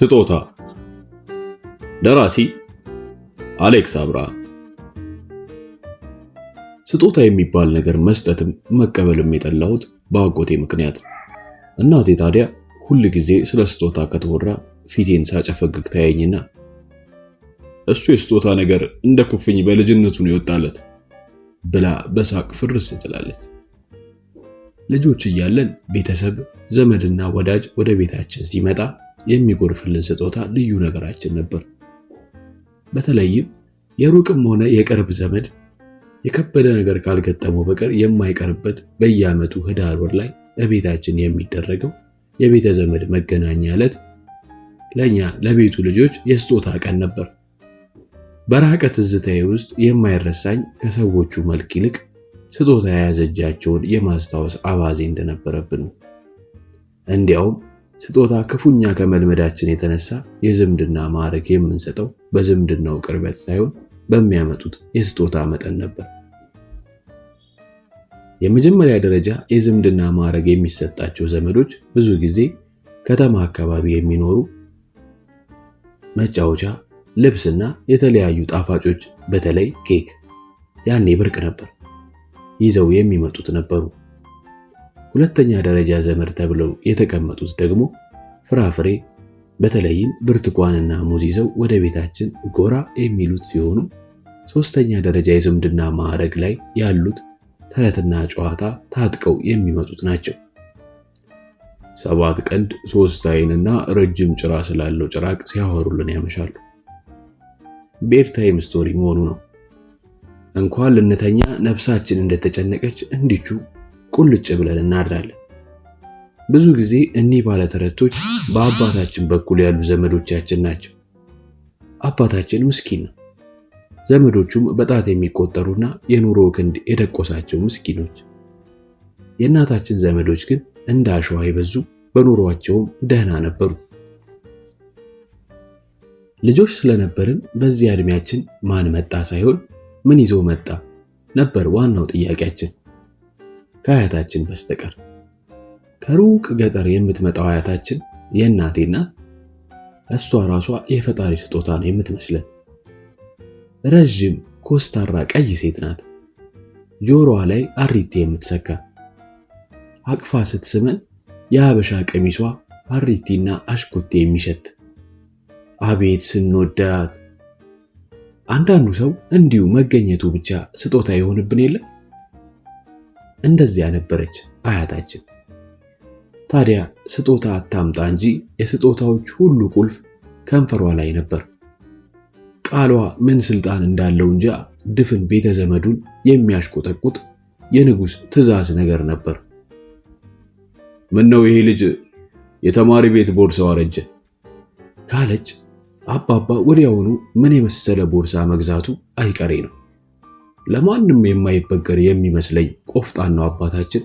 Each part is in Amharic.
ስጦታ ደራሲ አሌክስ አብራ ስጦታ የሚባል ነገር መስጠትም መቀበልም የጠላሁት በአጎቴ ምክንያት። እናቴ ታዲያ ሁል ጊዜ ስለ ስጦታ ከተወራ ፊቴን ሳጨፈግግ ታየኝና እሱ የስጦታ ነገር እንደ ኩፍኝ በልጅነቱ ነው የወጣለት ብላ በሳቅ ፍርስ ትላለች። ልጆች እያለን ቤተሰብ ዘመድና ወዳጅ ወደ ቤታችን ሲመጣ የሚጎርፍልን ስጦታ ልዩ ነገራችን ነበር። በተለይም የሩቅም ሆነ የቅርብ ዘመድ የከበደ ነገር ካልገጠመው በቀር የማይቀርበት በየዓመቱ ህዳር ወር ላይ በቤታችን የሚደረገው የቤተ ዘመድ መገናኛ ዕለት ለእኛ ለቤቱ ልጆች የስጦታ ቀን ነበር። በራቀ ትዝታዬ ውስጥ የማይረሳኝ ከሰዎቹ መልክ ይልቅ ስጦታ የያዘ እጃቸውን የማስታወስ አባዜ እንደነበረብን እንዲያውም ስጦታ ክፉኛ ከመልመዳችን የተነሳ የዝምድና ማዕረግ የምንሰጠው በዝምድናው ቅርበት ሳይሆን በሚያመጡት የስጦታ መጠን ነበር። የመጀመሪያ ደረጃ የዝምድና ማዕረግ የሚሰጣቸው ዘመዶች ብዙ ጊዜ ከተማ አካባቢ የሚኖሩ መጫወቻ ልብስና የተለያዩ ጣፋጮች፣ በተለይ ኬክ ያኔ ብርቅ ነበር፣ ይዘው የሚመጡት ነበሩ። ሁለተኛ ደረጃ ዘመድ ተብለው የተቀመጡት ደግሞ ፍራፍሬ በተለይም ብርቱካንና ሙዝ ይዘው ወደ ቤታችን ጎራ የሚሉት ሲሆኑ ሶስተኛ ደረጃ የዝምድና ማዕረግ ላይ ያሉት ተረትና ጨዋታ ታጥቀው የሚመጡት ናቸው። ሰባት ቀንድ ሶስት አይንና ረጅም ጭራ ስላለው ጭራቅ ሲያወሩልን ያመሻሉ። ቤድታይም ስቶሪ መሆኑ ነው። እንኳን ልንተኛ ነፍሳችን እንደተጨነቀች እንዲቹ ቁልጭ ብለን እናድራለን። ብዙ ጊዜ እኒህ ባለተረቶች በአባታችን በኩል ያሉ ዘመዶቻችን ናቸው። አባታችን ምስኪን ነው። ዘመዶቹም በጣት የሚቆጠሩና የኑሮ ክንድ የደቆሳቸው ምስኪኖች። የእናታችን ዘመዶች ግን እንደ አሸዋ የበዙ በኑሯቸውም ደህና ነበሩ። ልጆች ስለነበርን በዚያ ዕድሜያችን ማን መጣ ሳይሆን ምን ይዞ መጣ ነበር ዋናው ጥያቄያችን። ከአያታችን በስተቀር ከሩቅ ገጠር የምትመጣው አያታችን የእናቴ እናት እሷ ራሷ የፈጣሪ ስጦታ ነው የምትመስለን። ረዥም ኮስታራ ቀይ ሴት ናት። ጆሮዋ ላይ አሪቴ የምትሰካ አቅፋ ስትስመን የሀበሻ ቀሚሷ አሪቲና አሽኮቴ የሚሸት አቤት ስንወዳት! አንዳንዱ ሰው እንዲሁ መገኘቱ ብቻ ስጦታ ይሆንብን የለም እንደዚያ ነበረች አያታችን። ታዲያ ስጦታ አታምጣ እንጂ የስጦታዎች ሁሉ ቁልፍ ከንፈሯ ላይ ነበር። ቃሏ ምን ስልጣን እንዳለው እንጃ ድፍን ቤተ ዘመዱን የሚያሽቆጠቁጥ የንጉሥ ትእዛዝ ነገር ነበር። ነው ይሄ ልጅ የተማሪ ቤት ቦርሳው አረጀ ካለች አባባ ወዲያውኑ ምን የመሰለ ቦርሳ መግዛቱ አይቀሬ ነው። ለማንም የማይበገር የሚመስለኝ ቆፍጣናው አባታችን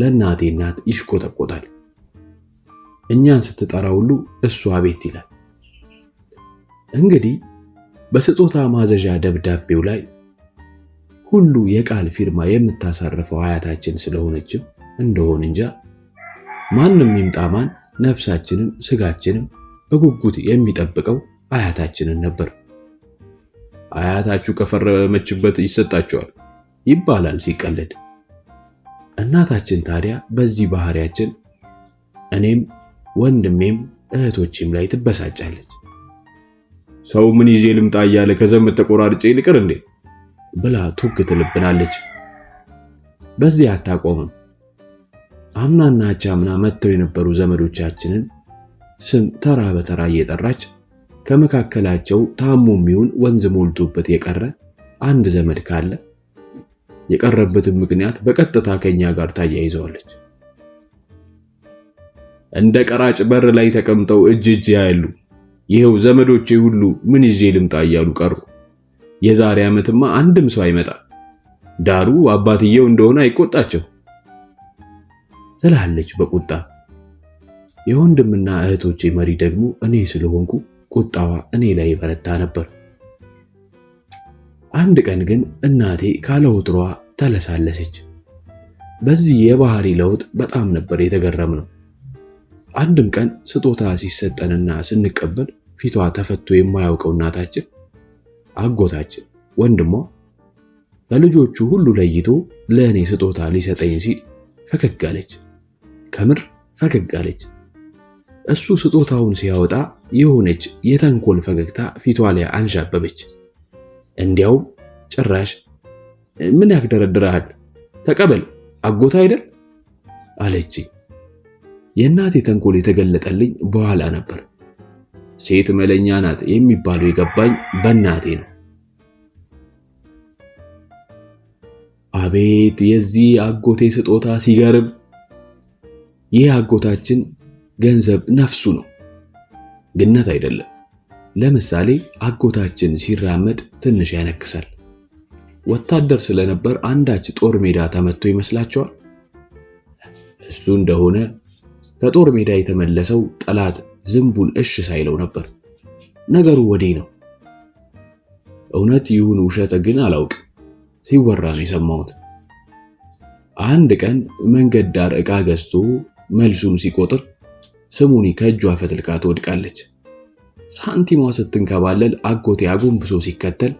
ለእናቴ እናት ይሽቆጠቆጣል። እኛን ስትጠራ ሁሉ እሱ አቤት ይላል። እንግዲህ በስጦታ ማዘዣ ደብዳቤው ላይ ሁሉ የቃል ፊርማ የምታሳርፈው አያታችን ስለሆነችም እንደሆን እንጃ ማንም ይምጣማን ነፍሳችንም ስጋችንም በጉጉት የሚጠብቀው አያታችንን ነበር። አያታችሁ ከፈረመችበት ይሰጣችኋል ይባላል ሲቀለድ። እናታችን ታዲያ በዚህ ባህሪያችን እኔም ወንድሜም እህቶቼም ላይ ትበሳጫለች። ሰው ምን ይዤ ልምጣ እያለ ከዘመድ ተቆራርጬ ልቅር እንዴ ብላ ቱክ ትልብናለች። በዚህ አታቆምም። አምናና አቻምና መጥተው የነበሩ ዘመዶቻችንን ስም ተራ በተራ እየጠራች ከመካከላቸው ታሞ የሚሆን ወንዝ ሞልቶበት የቀረ አንድ ዘመድ ካለ የቀረበትን ምክንያት በቀጥታ ከኛ ጋር ታያይዘዋለች። እንደ ቀራጭ በር ላይ ተቀምጠው እጅ እጅ ያያሉ። ይኸው ዘመዶቼ ሁሉ ምን ይዤ ልምጣ እያሉ ቀሩ። የዛሬ ዓመትማ አንድም ሰው አይመጣም። ዳሩ አባትየው እንደሆነ አይቆጣቸው ትላለች በቁጣ። የወንድምና እህቶቼ መሪ ደግሞ እኔ ስለሆንኩ ቁጣዋ እኔ ላይ በረታ ነበር። አንድ ቀን ግን እናቴ ካለውጥሯ ተለሳለሰች። በዚህ የባህሪ ለውጥ በጣም ነበር የተገረም ነው። አንድም ቀን ስጦታ ሲሰጠንና ስንቀበል ፊቷ ተፈቶ የማያውቀው እናታችን፣ አጎታችን፣ ወንድሟ በልጆቹ ሁሉ ለይቶ ለእኔ ስጦታ ሊሰጠኝ ሲል ፈገግ አለች። ከምር ፈገግ አለች። እሱ ስጦታውን ሲያወጣ የሆነች የተንኮል ፈገግታ ፊቷ ላይ አንዣበበች። እንዲያውም ጭራሽ ምን ያክደረድረሃል? ተቀበል፣ አጎታ አይደል አለችኝ። የእናቴ ተንኮል የተገለጠልኝ በኋላ ነበር። ሴት መለኛ ናት የሚባለው የገባኝ በእናቴ ነው። አቤት የዚህ አጎቴ ስጦታ ሲገርም! ይህ አጎታችን ገንዘብ ነፍሱ ነው፣ ግነት አይደለም። ለምሳሌ አጎታችን ሲራመድ ትንሽ ያነክሳል። ወታደር ስለነበር አንዳች ጦር ሜዳ ተመቶ ይመስላቸዋል። እሱ እንደሆነ ከጦር ሜዳ የተመለሰው ጠላት ዝንቡን እሽ ሳይለው ነበር። ነገሩ ወዴ ነው። እውነት ይሁን ውሸት ግን አላውቅ ሲወራ ነው የሰማሁት። አንድ ቀን መንገድ ዳር ዕቃ ገዝቶ መልሱን ሲቆጥር ስሙኒ ከእጇ ፈትልቃ ትወድቃለች። ሳንቲሟ ስትንከባለል አጎቴ አጎንብሶ ሲከተል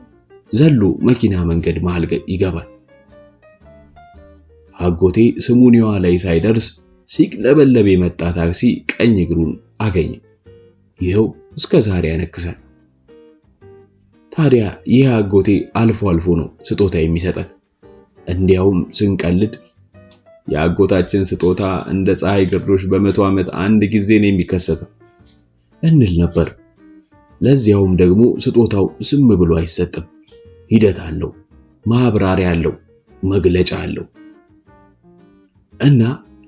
ዘሎ መኪና መንገድ መሃል ይገባል። አጎቴ ስሙኒዋ ላይ ሳይደርስ ሲቅለበለብ የመጣ ታክሲ ቀኝ እግሩን አገኘ። ይኸው እስከ ዛሬ ያነክሳል። ታዲያ ይህ አጎቴ አልፎ አልፎ ነው ስጦታ የሚሰጠን። እንዲያውም ስንቀልድ የአጎታችን ስጦታ እንደ ፀሐይ ግርዶሽ በመቶ ዓመት አንድ ጊዜ ነው የሚከሰተው እንል ነበር። ለዚያውም ደግሞ ስጦታው ዝም ብሎ አይሰጥም። ሂደት አለው፣ ማብራሪያ አለው፣ መግለጫ አለው እና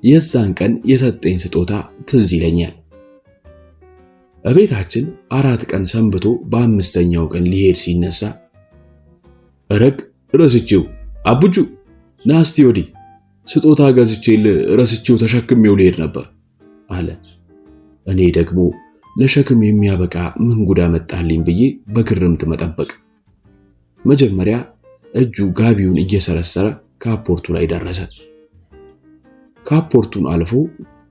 የዛን ቀን የሰጠኝ ስጦታ ትዝ ይለኛል። እቤታችን አራት ቀን ሰንብቶ በአምስተኛው ቀን ሊሄድ ሲነሳ ረግ ረስችው አቡጁ ናስቲ ወዲህ ስጦታ ገዝቼል ረስቼው ተሸክሜው ልሄድ ነበር አለ። እኔ ደግሞ ለሸክም የሚያበቃ ምን ጉዳ መጣልኝ ብዬ በግርምት መጠበቅ። መጀመሪያ እጁ ጋቢውን እየሰረሰረ ካፖርቱ ላይ ደረሰ። ካፖርቱን አልፎ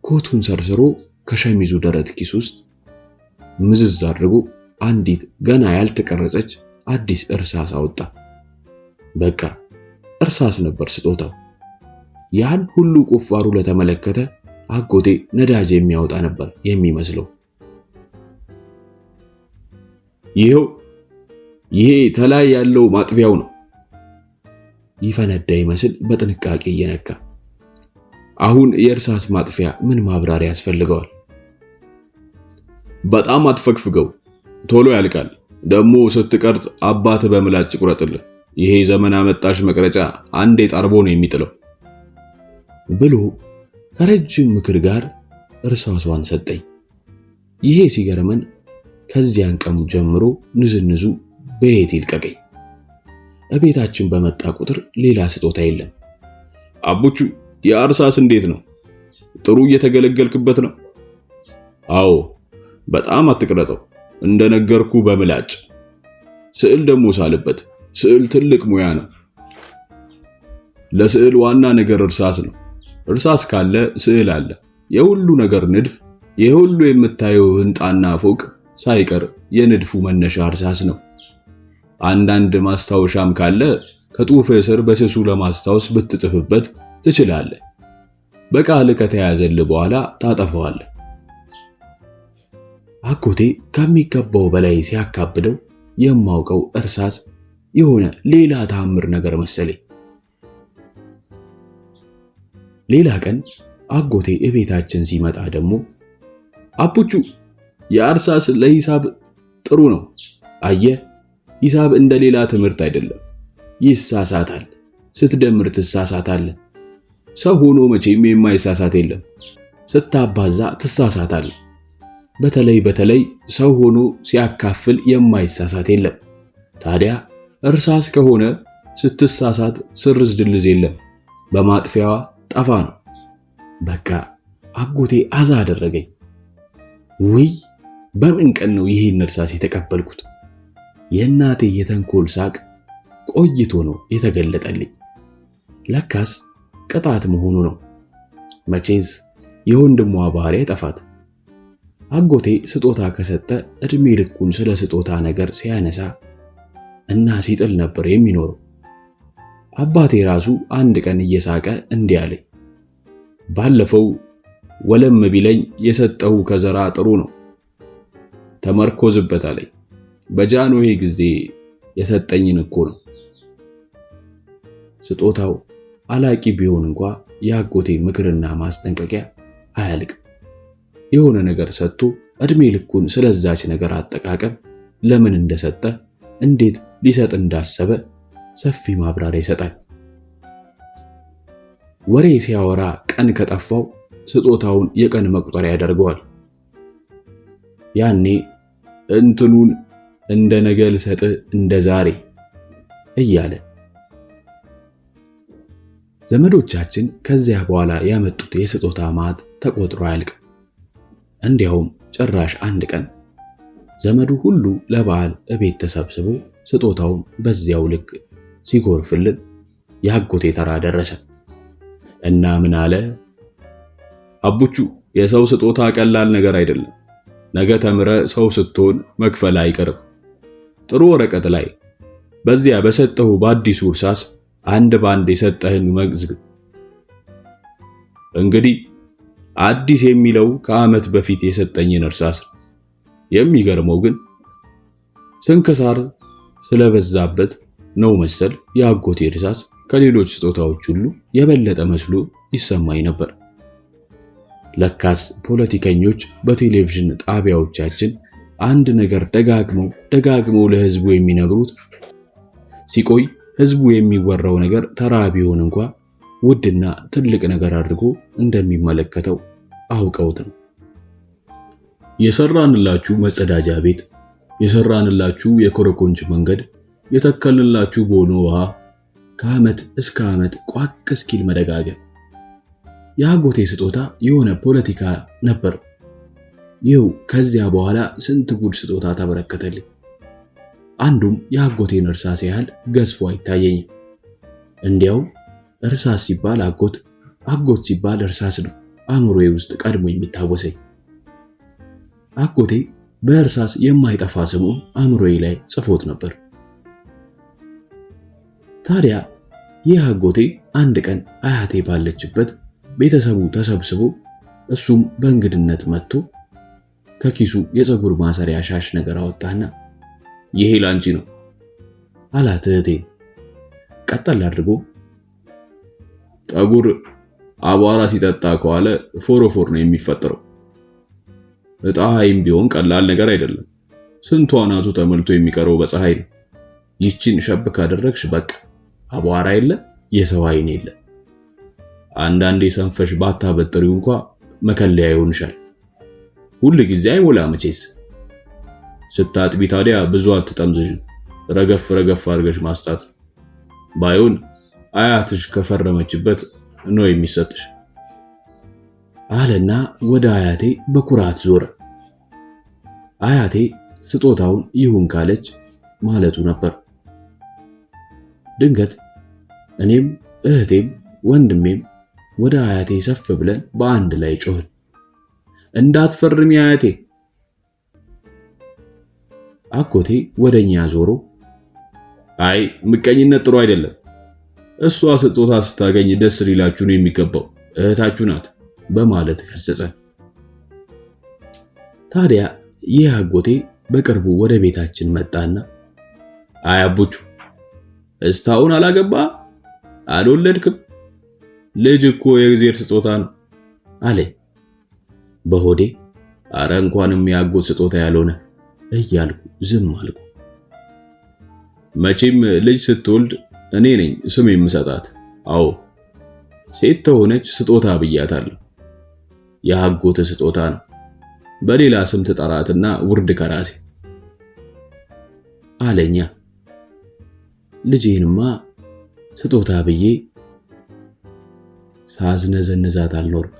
ኮቱን ሰርስሮ ከሸሚዙ ደረት ኪስ ውስጥ ምዝዝ አድርጎ አንዲት ገና ያልተቀረጸች አዲስ እርሳስ አወጣ። በቃ እርሳስ ነበር ስጦታው። ያን ሁሉ ቁፋሩ ለተመለከተ አጎቴ ነዳጅ የሚያወጣ ነበር የሚመስለው። ይኸው ይሄ ተላይ ያለው ማጥፊያው ነው። ይፈነዳ ይመስል በጥንቃቄ እየነካ አሁን የእርሳስ ማጥፊያ ምን ማብራሪያ ያስፈልገዋል? በጣም አትፈግፍገው፣ ቶሎ ያልቃል። ደግሞ ስትቀርጽ አባት በምላጭ ቁረጥልህ። ይሄ ዘመን አመጣሽ መቅረጫ አንዴ ጣርቦ ነው የሚጥለው። ብሎ ከረጅም ምክር ጋር እርሳሷን ሰጠኝ። ይሄ ሲገርመን ከዚያን ቀን ጀምሮ ንዝንዙ በየት ይልቀቀኝ። እቤታችን በመጣ ቁጥር ሌላ ስጦታ የለም። አቡቹ የአርሳስ እንዴት ነው? ጥሩ እየተገለገልክበት ነው? አዎ፣ በጣም አትቅረጠው፣ እንደነገርኩ በምላጭ ስዕል ደግሞ ሳልበት። ስዕል ትልቅ ሙያ ነው። ለስዕል ዋና ነገር እርሳስ ነው። እርሳስ ካለ ስዕል አለ። የሁሉ ነገር ንድፍ፣ የሁሉ የምታየው ህንጣና ፎቅ ሳይቀር የንድፉ መነሻ እርሳስ ነው። አንዳንድ ማስታወሻም ካለ ከጽሑፍ ስር በስሱ ለማስታወስ ብትጽፍበት ትችላለህ። በቃል ከተያዘልህ በኋላ ታጠፈዋለህ። አኮቴ ከሚገባው በላይ ሲያካብደው የማውቀው እርሳስ የሆነ ሌላ ተአምር ነገር መሰለኝ። ሌላ ቀን አጎቴ እቤታችን ሲመጣ ደግሞ አፑቹ የአርሳስ ለሂሳብ ጥሩ ነው። አየ ሂሳብ እንደ ሌላ ትምህርት አይደለም። ይሳሳታል። ስትደምር ትሳሳታል ሰው ሆኖ መቼም የማይሳሳት የለም። ስታባዛ ትሳሳታል። በተለይ በተለይ ሰው ሆኖ ሲያካፍል የማይሳሳት የለም። ታዲያ እርሳስ ከሆነ ስትሳሳት ስርዝ ድልዝ የለም። በማጥፊያዋ ጠፋ ነው። በቃ አጎቴ አዛ አደረገኝ። ውይ በምን ቀን ነው ይሄን እርሳስ የተቀበልኩት? የእናቴ የተንኮል ሳቅ ቆይቶ ነው የተገለጠልኝ። ለካስ ቅጣት መሆኑ ነው። መቼዝ የወንድሟ ባህሪ ጠፋት። አጎቴ ስጦታ ከሰጠ እድሜ ልኩን ስለ ስጦታ ነገር ሲያነሳ እና ሲጥል ነበር የሚኖረው። አባቴ ራሱ አንድ ቀን እየሳቀ እንዲህ አለኝ፣ ባለፈው ወለም ቢለኝ የሰጠው ከዘራ ጥሩ ነው ተመርኮዝበት አለኝ። በጃንሆይ ጊዜ የሰጠኝን እኮ ነው። ስጦታው አላቂ ቢሆን እንኳ የአጎቴ ምክርና ማስጠንቀቂያ አያልቅም። የሆነ ነገር ሰጥቶ እድሜ ልኩን ስለዛች ነገር አጠቃቀም ለምን እንደሰጠ እንዴት ሊሰጥ እንዳሰበ ሰፊ ማብራሪያ ይሰጣል። ወሬ ሲያወራ ቀን ከጠፋው ስጦታውን የቀን መቁጠሪያ ያደርገዋል። ያኔ እንትኑን እንደ ነገ ልሰጥ እንደ ዛሬ እያለ ዘመዶቻችን ከዚያ በኋላ ያመጡት የስጦታ ማት ተቆጥሮ አያልቅም። እንዲያውም ጭራሽ አንድ ቀን ዘመዱ ሁሉ ለበዓል እቤት ተሰብስቦ ስጦታውም በዚያው ልክ ሲጎርፍልን የአጎቴ ተራ ደረሰ እና ምን አለ፣ አቡቹ የሰው ስጦታ ቀላል ነገር አይደለም። ነገ ተምረ ሰው ስትሆን መክፈል አይቀርም። ጥሩ ወረቀት ላይ በዚያ በሰጠሁ በአዲሱ እርሳስ አንድ ባንድ የሰጠህን መግዝግ እንግዲህ አዲስ የሚለው ከዓመት በፊት የሰጠኝን እርሳስ የሚገርመው ግን ስንክሳር ስለበዛበት ነው መሰል የአጎቴ እርሳስ ከሌሎች ስጦታዎች ሁሉ የበለጠ መስሎ ይሰማኝ ነበር። ለካስ ፖለቲከኞች በቴሌቪዥን ጣቢያዎቻችን አንድ ነገር ደጋግመው ደጋግመው ለህዝቡ የሚነግሩት ሲቆይ ህዝቡ የሚወራው ነገር ተራ ቢሆን እንኳ ውድና ትልቅ ነገር አድርጎ እንደሚመለከተው አውቀውት ነው። የሰራንላችሁ መጸዳጃ ቤት፣ የሰራንላችሁ የኮረኮንች መንገድ የተከልንላችሁ በሆነ ውሃ ከዓመት እስከ ዓመት ቋቅ እስኪል መደጋገም። የአጎቴ ስጦታ የሆነ ፖለቲካ ነበረው። ይኸው ከዚያ በኋላ ስንት ጉድ ስጦታ ተበረከተልኝ። አንዱም የአጎቴን እርሳስ ያህል ገዝፎ አይታየኝም። እንዲያው እርሳስ ሲባል አጎት፣ አጎት ሲባል እርሳስ ነው አእምሮዬ ውስጥ ቀድሞ የሚታወሰኝ። አጎቴ በእርሳስ የማይጠፋ ስሙ አእምሮዬ ላይ ጽፎት ነበር። ታዲያ ይህ አጎቴ አንድ ቀን አያቴ ባለችበት ቤተሰቡ ተሰብስቦ እሱም በእንግድነት መጥቶ ከኪሱ የፀጉር ማሰሪያ ሻሽ ነገር አወጣና ይሄ ላንቺ ነው አላት እህቴን። ቀጠል አድርጎ ጠጉር አቧራ ሲጠጣ ከዋለ ፎሮፎር ነው የሚፈጠረው። ፀሐይም ቢሆን ቀላል ነገር አይደለም። ስንቷ ናቱ ተሞልቶ የሚቀረው በፀሐይ ነው። ይችን ሸብ ካደረግሽ በቃ አቧራ የለ፣ የሰው አይን የለ። አንዳንዴ ሰንፈሽ ባታበጥሪው እንኳ መከለያ ይሆንሻል። ሁል ጊዜ አይሞላ መቼስ። ስታጥቢ ታዲያ ብዙ አትጠምዝዥ፣ ረገፍ ረገፍ አድርገሽ ማስጣት ባዩን ባይሆን አያትሽ ከፈረመችበት ነው የሚሰጥሽ አለና ወደ አያቴ በኩራት ዞረ። አያቴ ስጦታውን ይሁን ካለች ማለቱ ነበር። ድንገት እኔም እህቴም ወንድሜም ወደ አያቴ ሰፍ ብለን በአንድ ላይ ጮህን። እንዳትፈርሚ አያቴ! አጎቴ ወደኛ ዞሮ አይ ምቀኝነት ጥሩ አይደለም። እሷ ስጦታ ስታገኝ ደስ ሊላችሁ ነው የሚገባው፣ እህታችሁ ናት በማለት ከሰጸ። ታዲያ ይህ አጎቴ በቅርቡ ወደ ቤታችን መጣና አያቦቹ እስታሁን አላገባ አልወለድክም። ልጅ እኮ የእግዚአብሔር ስጦታ ነው አለ በሆዴ። አረ እንኳንም ያጎት ስጦታ ያልሆነ እያልኩ ዝም አልኩ። መቼም ልጅ ስትወልድ እኔ ነኝ ስም የምሰጣት። አዎ ሴት ተሆነች ስጦታ ብያታለሁ። የአጎት ስጦታ ነው። በሌላ ስም ትጠራትና ውርድ ከራሴ አለኛ። ልጄንማ ስጦታ ብዬ ሳዝነዘነዛት አልኖርም።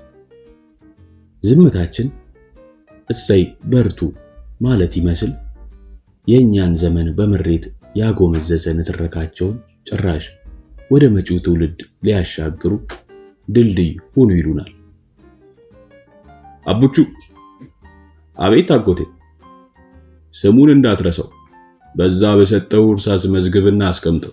ዝምታችን እሰይ በርቱ ማለት ይመስል የእኛን ዘመን በምሬት ያጎመዘዘ ንትረካቸውን ጭራሽ ወደ መጪው ትውልድ ሊያሻግሩ ድልድይ ሁኑ ይሉናል። አቡቹ አቤት አጎቴ ስሙን እንዳትረሰው ። በዛ በሰጠው እርሳስ መዝግብና አስቀምጠው።